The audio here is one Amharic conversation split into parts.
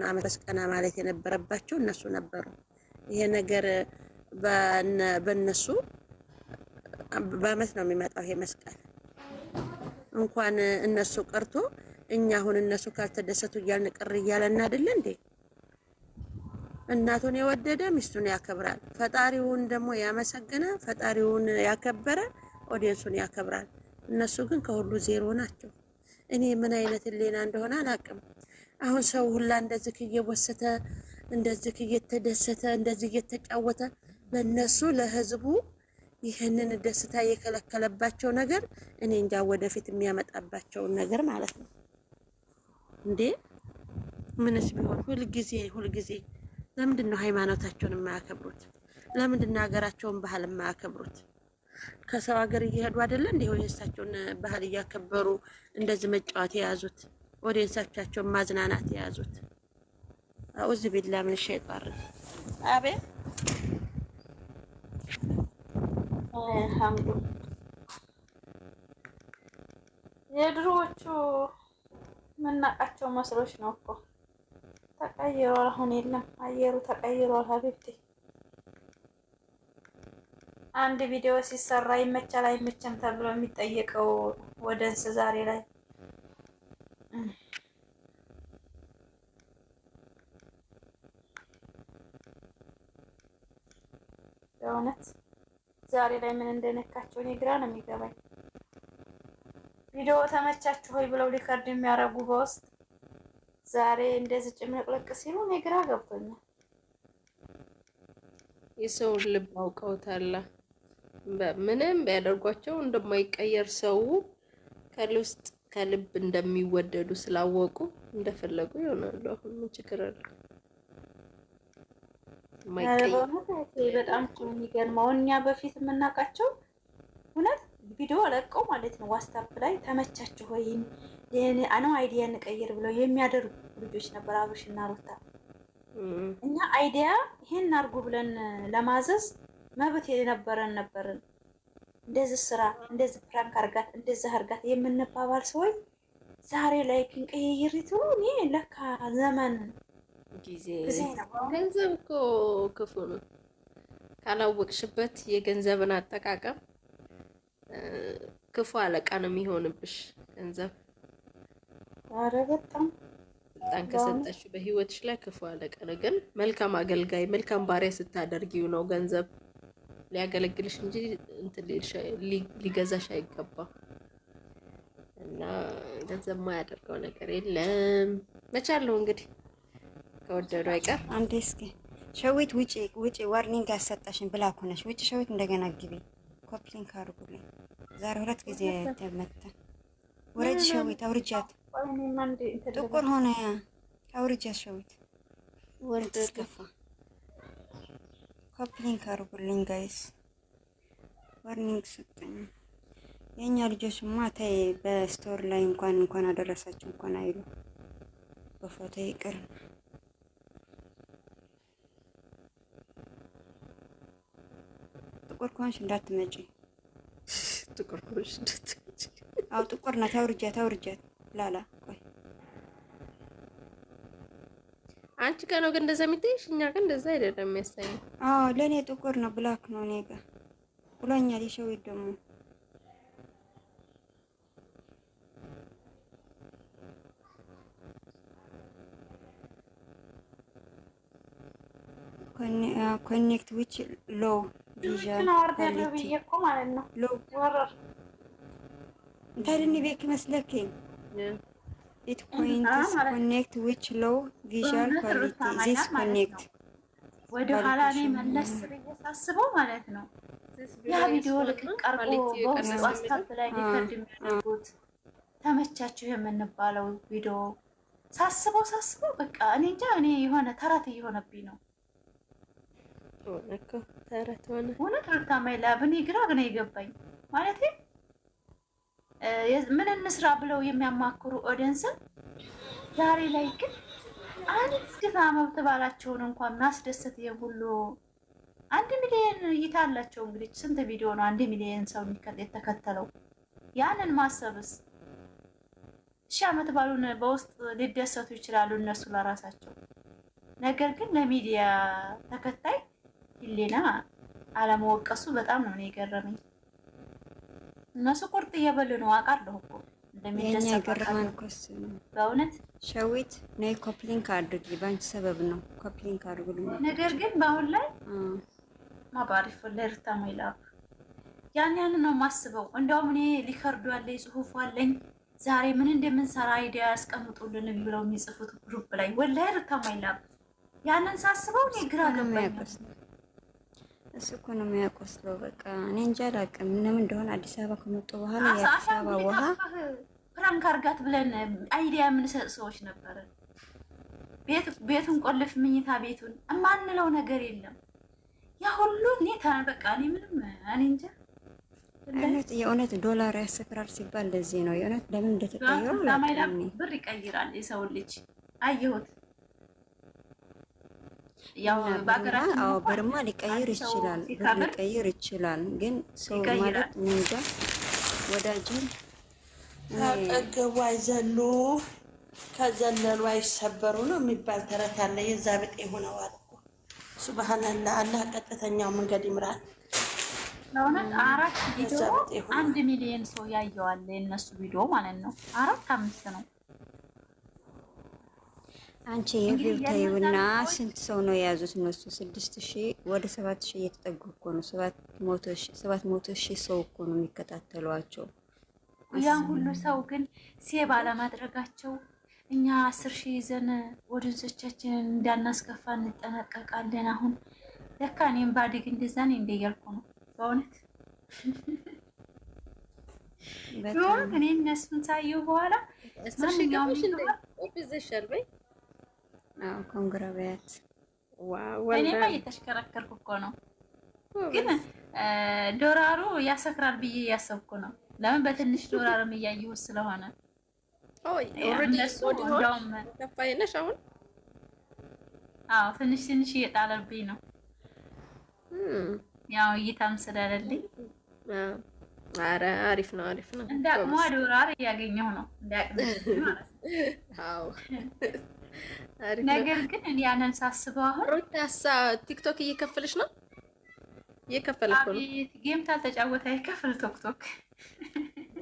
ነው አመት ቀና ማለት የነበረባቸው እነሱ ነበሩ። ይሄ ነገር በእነሱ በአመት ነው የሚመጣው ይሄ መስቀል። እንኳን እነሱ ቀርቶ እኛ አሁን እነሱ ካልተደሰቱ እያልን ቅር እያለን አይደለ እንዴ? እናቱን የወደደ ሚስቱን ያከብራል። ፈጣሪውን ደግሞ ያመሰገነ ፈጣሪውን ያከበረ ኦዲየንሱን ያከብራል። እነሱ ግን ከሁሉ ዜሮ ናቸው። እኔ ምን አይነት ህሊና እንደሆነ አላውቅም። አሁን ሰው ሁላ እንደዚህ እየወሰተ እንደዚህ እየተደሰተ እንደዚህ እየተጫወተ ለነሱ ለህዝቡ ይህንን ደስታ የከለከለባቸው ነገር እኔ እንጃ ወደፊት የሚያመጣባቸውን ነገር ማለት ነው። እንዴ ምንስ ቢሆን ሁልጊዜ ሁልጊዜ ለምንድን ነው ሃይማኖታቸውን የማያከብሩት? ለምንድን ነው ሀገራቸውን ባህል የማያከብሩት? ከሰው ሀገር እየሄዱ አይደለ እንዲሁ የእሳቸውን ባህል እያከበሩ እንደዚህ መጫወት የያዙት። ኦዲየንሶቻቸውን ማዝናናት የያዙት። አውዝ ቢላ ምን ሸይጣን አቤ ሐምዱ የድሮዎቹ የምናውቃቸው መስሎች ነው እኮ ተቀይሯል። አሁን የለም አየሩ ተቀይሯል። ሀቢብቴ አንድ ቪዲዮ ሲሰራ ይመቻል አይመችም ተብሎ የሚጠየቀው ወደ እንስ ዛሬ ላይ በእውነት ዛሬ ላይ ምን እንደነካቸው እኔ ግራ ነው የሚገባኝ። ቪዲዮ ተመቻችሁ ሆይ ብለው ሪከርድ የሚያደርጉ በውስጥ ዛሬ እንደዚህ ጭምለቅለቅ ሲሉ እኔ ግራ ገብቶኛል። የሰውን ልብ አውቀውታል። ምንም ቢያደርጓቸው እንደማይቀየር ሰው ከልውስጥ ከልብ እንደሚወደዱ ስላወቁ እንደፈለጉ ይሆናሉ። አሁን ምን ችግር አለ? በጣም የሚገርመው እኛ በፊት የምናውቃቸው እውነት ቪዲዮ ለቀው ማለት ነው ዋትስአፕ ላይ ተመቻችሁ ወይም ነው አይዲያ እንቀይር ብለው የሚያደርጉ ልጆች ነበር። አብርሽ እና ሩታ እኛ አይዲያ ይሄን አድርጉ ብለን ለማዘዝ መብት የነበረን ነበርን። እንደዚህ ስራ፣ እንደዚህ ፕራንክ አርጋት፣ እንደዚህ አርጋት የምንባባል ሰዎች ዛሬ ላይ ክንቀይሪቱ እኔ ለካ ዘመን ጊዜ ገንዘብ እኮ ክፉ ነው። ካላወቅሽበት የገንዘብን አጠቃቀም ክፉ አለቃ ነው የሚሆንብሽ። ገንዘብ ኧረ በጣም በጣም ከሰጠሽው በህይወትሽ ላይ ክፉ አለቀ። ነው። ግን መልካም አገልጋይ መልካም ባሪያ ስታደርጊው ነው ገንዘብ ሊያገለግልሽ እንጂ ሊገዛሽ አይገባም። እና ገንዘብ የማያደርገው ነገር የለም። መቻለሁ እንግዲህ ከወደዱ አይቀር አንዴ እስኪ ሸዊት ውጪ ውጪ ዋርኒንግ ያሰጣሽን ብላ እኮ ነሽ። ውጪ ሸዊት እንደገና ግቢ ኮፕሊንግ አድርጉልኝ። ዛሬ ሁለት ጊዜ ተመተ። ወረጅ ሸዊት አውርጃት፣ ጥቁር ሆነ አውርጃት ሸዊት ወልድ እስከፋ ኮፕሊንክ አርጉልኝ ጋይስ። ዋርኒንግ ሰጠኝ። የእኛ ልጆችማ ተይ፣ በስቶር ላይ እንኳን እንኳን አደረሳችሁ እንኳን አይሉ በፎቶ ይቅር። ጥቁር ከሆንሽ እንዳትመጪ፣ ጥቁር ከሆንሽ እንዳትመጪ። አዎ ጥቁር ናት። አውርጃት አውርጃት ላላ አንቺ ጋር ነው ግን እንደዛ የሚታይሽ፣ እኛ ግን እንደዛ አይደለም የሚያሳይ። አዎ ለእኔ ጥቁር ነው ብላክ ነው እኔ ጋር ብሎኛል። የሸዊት ደግሞ ኮኔክት ዊች ሎው ቪዥን ሎው ታድኒ ቤክ መስለከኝ It points connect which low vision quality this connect ወደ ኋላ ላይ መለስ ሳስበው ማለት ነው። ያ ቪዲዮ ልቅቅ አርጎ በውስጥ ላይ የሚያደርጉት ተመቻችሁ የምንባለው ቪዲዮ ሳስበው ሳስበው በቃ እኔ እንጃ እኔ የሆነ ተረት እየሆነብኝ ነው። እውነት ሩታ ማይላብ እኔ ግራ ነው የገባኝ ማለት ምን እንስራ ብለው የሚያማክሩ ኦደንስም ዛሬ ላይ ግን አንድ መብት ባላቸውን እንኳን ማስደሰት ሁሉ አንድ ሚሊዮን እይታ አላቸው። እንግዲህ ስንት ቪዲዮ ነው አንድ ሚሊዮን ሰው የተከተለው? ያንን ማሰብስ ሺ ዓመት ባሉን በውስጥ ሊደሰቱ ይችላሉ እነሱ ለራሳቸው። ነገር ግን ለሚዲያ ተከታይ ህሊና አለመወቀሱ በጣም ነው የገረመኝ። እነሱ ቁርጥ እየበሉ ነው አውቃለሁ እኮ እንደሚደሰቀርማንኮስ በእውነት ሸዊት ነይ ኮፕሊንክ አድርጊ። በአንቺ ሰበብ ነው ኮፕሊንክ አድርጉልኝ። ነገር ግን በአሁን ላይ ማባሪፍ ለርታ ማይላብ ያን ያን ነው ማስበው። እንደውም እኔ ሊከርዱ ያለ ጽሁፍ አለኝ ዛሬ ምን እንደምንሰራ አይዲያ ያስቀምጡልን ብለው የሚጽፉት ግሩፕ ላይ ወላሂ ርታ ማይላብ ያንን ሳስበው እኔ ግራ ገባኝ። እሱ እኮ ነው የሚያቆስለው። በቃ እኔ እንጃ አላውቅም ምንም እንደሆነ። አዲስ አበባ ከመጡ በኋላ የአዲስ አበባ ውሃ ፕራንክ አርጋት ብለን አይዲያ የምንሰጥ ሰዎች ነበረ። ቤቱን ቆልፍ፣ ምኝታ ቤቱን የማንለው ነገር የለም። ያ ሁሉ እኔ በቃ እኔ ምንም እኔ እንጃ። የእውነት ዶላር ያሰክራል ሲባል ለዚህ ነው የእውነት ለምን እንደተቀየረ ብር ይቀይራል የሰው ልጅ አየሁት በርማ ሊቀይር ይችላል፣ ሊቀይር ይችላል። ግን ሰው ማለት እንጃ ወዳጅን አጠገቡ አይዘሉ ከዘለሉ አይሰበሩ ነው የሚባል ተረት አለ። የዛ ብጤ ሆነዋል። ሱብሃነላ አላህ ቀጥተኛው መንገድ ይምራል። ለእውነት አራት ቪዲዮ አንድ ሚሊዮን ሰው ያየዋል። የእነሱ ቪዲዮ ማለት ነው። አራት አምስት ነው አንቺ የቪው ታዩና ስንት ሰው ነው የያዙት? እነሱ ስድስት ሺህ ወደ ሰባት ሺህ እየተጠጉ እኮ ነው። ሰባት መቶ ሺህ ሰው እኮ ነው የሚከታተሏቸው። ያን ሁሉ ሰው ግን ሴብ ለማድረጋቸው እኛ አስር ሺህ ይዘን ወደንሶቻችንን እንዳናስከፋ እንጠነቀቃለን። አሁን ለካ እኔም ባዲግ እንደዛ ነው እንደ እያልኩ ነው በእውነት ሆን እኔ እነሱን ሳየው በኋላ ማንኛውም አዎ ኮንግራ በያት። እኔማ እየተሽከረከርኩ እኮ ነው፣ ግን ዶራሩ ያሰክራል ብዬ እያሰብኩ ነው። ለምን በትንሽ ዶራርም እያየሁት ስለሆነ ነሽ አሁን። አዎ ትንሽ ትንሽ እየጣለብኝ ነው፣ ያው እይታም ስለሌለኝ። አሪፍ ነው አሪፍ ነው። እንደ አቅሟ ዶራር እያገኘሁ ነው፣ እንደ ማለት ነው። ነገር ግን እኔ ያንን ሳስበው አሁን ሩታሳ ቲክቶክ እየከፈለች ነው እየከፈለች ነው። አቤት ጌም ታልተጫወተ አይከፍል ቶክቶክ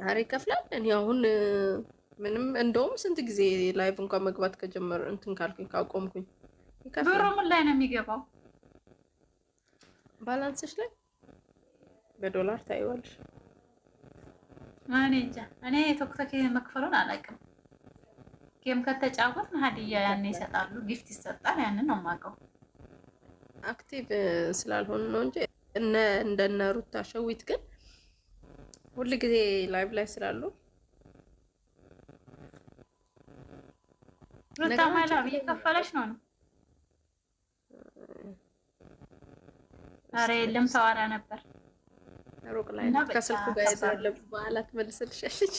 ኧረ ይከፍላል። እኔ አሁን ምንም እንደውም ስንት ጊዜ ላይቭ እንኳን መግባት ከጀመር እንትን ካልኩኝ ካቆምኩኝ ብሩ ምን ላይ ነው የሚገባው? ባላንስሽ ላይ በዶላር ታይዋልሽ እኔ እንጃ እኔ ቶክቶክ መክፈሉን አላውቅም። ጌም ከተጫወት ሀዲያ ያን ይሰጣሉ፣ ጊፍት ይሰጣል። ያንን ነው የማውቀው። አክቲቭ ስላልሆኑ ነው እንጂ እነ እንደነ ሩታ ሸዊት ግን ሁል ጊዜ ላይቭ ላይ ስላሉ ሩታ ማላብ እየከፈለች ነው ነው ኧረ የለም ሰዋራ ነበር ሩቅ ላይ ከስልኩ ጋር ይዛለብ በኋላ ትመልስልሻለች።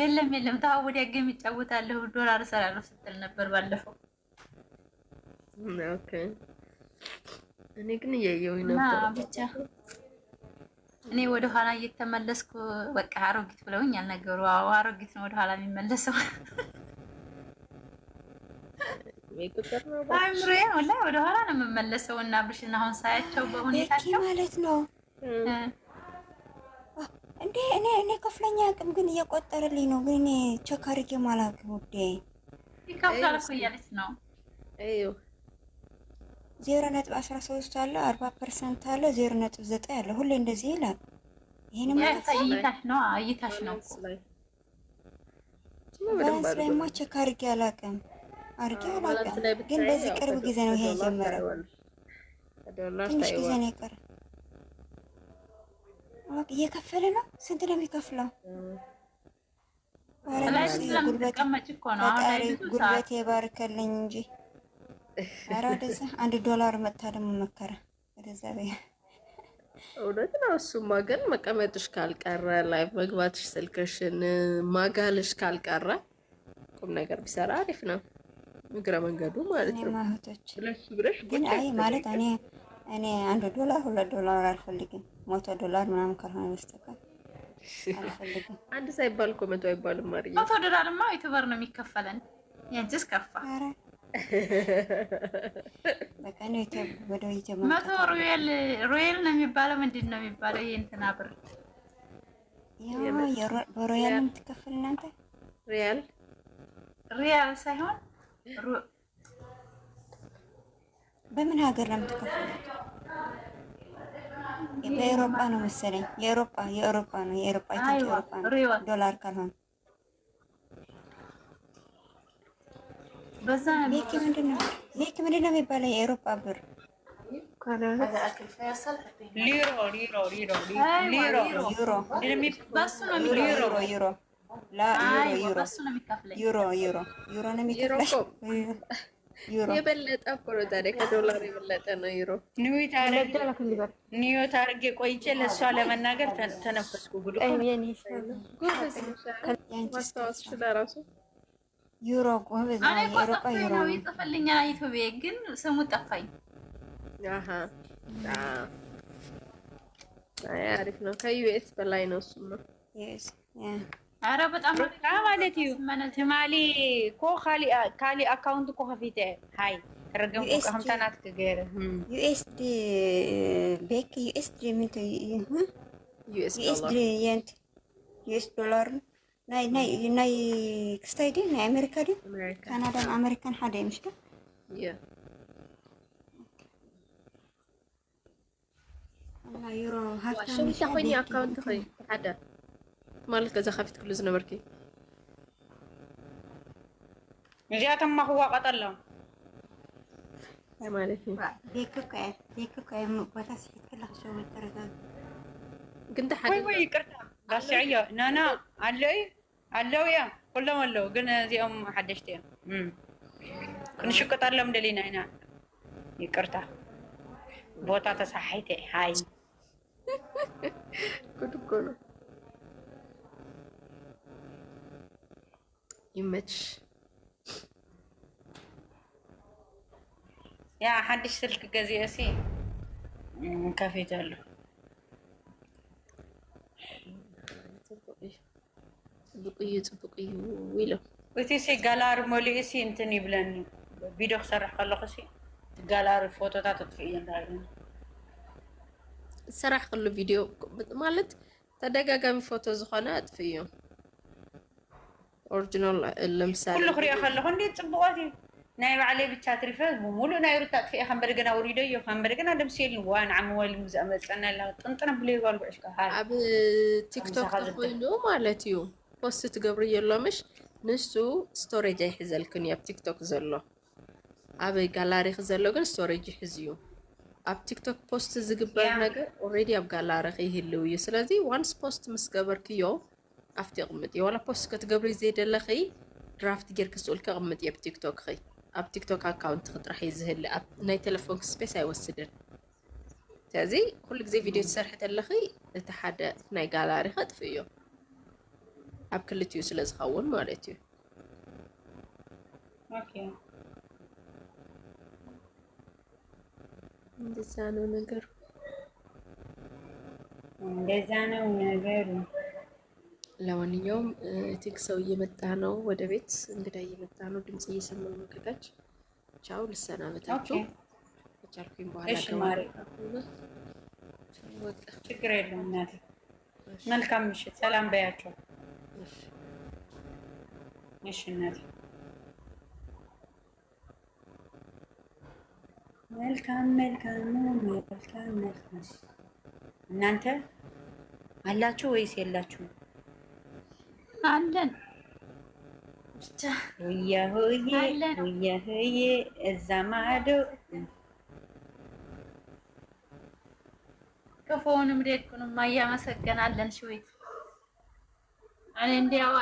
የለም የለም ታው ተሀወድ ያገም ይጫወታለሁ ዶላር እሰራለሁ ስትል ነበር ባለፈው። ኦኬ እኔ ግን እያየሁኝ ነበር ብቻ እኔ ወደ ኋላ እየተመለስኩ በቃ አሮጊት ብለውኝ አልነገሩ። አዎ አሮጊት ነው ወደ ኋላ የሚመለሰው። አይምሬ ወላሂ ወደ ኋላ ነው የምመለሰው እና ብሽን አሁን ሳያቸው በሁኔታቸው ማለት ነው እንዴ እኔ እኔ ከፍለኛ አቅም ግን እየቆጠረልኝ ነው። ግን እኔ ቼክ አድርጌ አላውቅም። ውዴ ዜሮ ነጥብ አስራ ሶስት አለ አርባ ፐርሰንት አለ ዜሮ ነጥብ ዘጠኝ አለ። ሁሌ እንደዚህ ይላል። ይህንም እይታሽ ነው እይታሽ ነው። ባላንስ ላይማ ቼክ አድርጌ አላውቅም አድርጌ አላውቅም። ግን በዚህ ቅርብ ጊዜ ነው ይሄ የጀመረው። ትንሽ ጊዜ ነው የቀረ ዋቅ እየከፈለ ነው። ስንት ነው የሚከፍለው? ጉልበት የባርከልኝ እንጂ ኧረ ወደዛ አንድ ዶላር መጥታ ደግሞ መከረ ወደዛ እውነት ነው። እሱማ ግን መቀመጥሽ ካልቀረ ላይ መግባትሽ ስልክሽን ማጋልሽ ካልቀረ ቁም ነገር ቢሰራ አሪፍ ነው። እግረ መንገዱ ማለት ነው። ማለት እኔ እኔ አንድ ዶላር ሁለት ዶላር አልፈልግም መቶ ዶላር ምናምን ካልሆነ በስተቀር አንድ ሳይባል እኮ መቶ አይባልም። ማርዬ መቶ ዶላርማ ዩቱበር ነው የሚከፈለን። ያንቺስ ከፋ። በቃ ወደ መቶ ሮየል ሮየል ነው የሚባለው። ምንድን ነው የሚባለው? ይህ እንትና ብር በሮያል የምትከፍል እናንተ ሪያል ሪያል ሳይሆን በምን ሀገር ነው የምትከፍል? በኤሮፓ ነው መሰለኝ። የኤሮፓ የኤሮፓ ነው የኤሮፓ የኤሮፓ ነው ዶላር ካልሆነ በዛ ቤኪ ምንድን ነው ቤኪ ምንድን ነው የሚባለው? የኤሮፓ ብር ዩሮ ነው የሚከፍለው የበለጠ እኮ ነው ታዲያ፣ ከዶላር የበለጠ ነው ዩሮ። ኒዮት አድርጌ ቆይቼ ለእሷ ለመናገር ተነፈስኩ። ጉድ ማስታወስሽ ለራሱ ዩሮ ይጽፍልኛል። ኢትዮጵያ ግን ስሙ ጠፋኝ። አሪፍ ነው። ከዩኤስ በላይ ነው እሱማ አረ በጣም ማለት እዩ ትማሊ ኮ ካሊእ ኣካውንት ኮ ከፊተ ሃይ ረገም ከምተናት ክገር ዩኤስዲ ቤክ ዩኤስዲ ምንት ዩኤስዲ የንት ዩኤስ ዶላር ናይ ናይ ናይ ክስታይ ድዩ ናይ ኣሜሪካ ድዩ ካናዳን ኣሜሪካን ሓደ እዩ ምስዶ ዩሮ ሃፍታ ኮይኒ ኣካውንት ኮይኑ ሓደ ማለት ከዛ ከፊት ክሉ ዝነበርኪ እዚኣቶም ማክዋቀጠሎ ማለት እዩ ግን ኣለው ኩሎም ኣለው ግን እዚኦም ሓደሽቲ እዮም ክንሽቅጠሎም ደሊና ኢና ይቅርታ ቦታ ሃይ ይመች። ያ ሀዲሽ ስልክ ገዜ ሲ ከፊት ያለው ብቁዩ ፅቡቅዩ ኢሎም እቲ ሲ ጋላሪ መሊኡ ሲ እንትን ይብለኒ ቪድዮ ክሰርሕ ከለኹ ሲ ጋላሪ ፎቶታት ኣጥፍእ እየ እንዳለ ዝሰራሕ ከሎ ቪድዮ ማለት ተደጋጋሚ ፎቶ ዝኾነ ኣጥፍ እዮም ኦሪጂናል ለምሳሌ ኩሉ ክሪኦ ከለኹ እንዴት ፅቡቃት እዩ ናይ ባዕለይ ብቻ ትሪፈ ሙሉእ ናይ ሩታ ጥፍአ ከም በደገና ውሪዶ እዮ ከም በደገና ደምስየልኒ ዋ ንዓሚ ወል ዝኣመፀና ላ ጥንጥነ ብለይዋ ልጉዕሽካ ኣብ ቲክቶክ ኮይኑ ማለት እዩ ፖስት ትገብሪ የሎምሽ ንሱ ስቶሬጅ ኣይሕዘልክን እዩ ኣብ ቲክቶክ ዘሎ ኣብ ጋላሪክ ዘሎ ግን ስቶሬጅ ይሕዝ እዩ ኣብ ቲክቶክ ፖስት ዝግበር ነገር ኦልሬዲ ኣብ ጋላሪክ ይህልው እዩ ስለዚ ዋንስ ፖስት ምስ ገበርክዮ ኣፍቲ ይቕምጥ እዩ ዋላ ፖስት ክትገብሪ ዘይደለኸይ ድራፍት ጌርክ ዝፅኡልካ ይቕምጥ እዩ ኣብ ቲክቶክ ኸይ ኣብ ቲክቶክ ኣካውንቲ ክጥራሕ እዩ ዝህሊ ናይ ቴሌፎን ስፔስ ኣይወስድን ስለዚ ኩሉ ግዜ ቪድዮ ትሰርሒ ተለኺ እቲ ሓደ ናይ ጋላሪ ከጥፍ እዩ ኣብ ክልትኡ ስለ ዝኸውን ማለት እዩ እንደዛ ነው ነገሩ እንደዛ ነው ነገሩ ለማንኛውም ቲክ ሰው እየመጣ ነው፣ ወደ ቤት እንግዳ እየመጣ ነው። ድምፅ እየሰማ ነው። ከታች ቻው፣ ልሰናበታችሁ ቻልኩኝ። በኋላ ችግር የለም እናት። መልካም ምሽት፣ ሰላም በያቸው። እሺ እናት፣ መልካም መልካም መልካም መልካም። እናንተ አላችሁ ወይስ የላችሁ? አለን ውያ ሆዬ እዛ ማዶ ክፉውንም ደጉንም እያመሰገናለን ሽዊት እኔ እንዲያው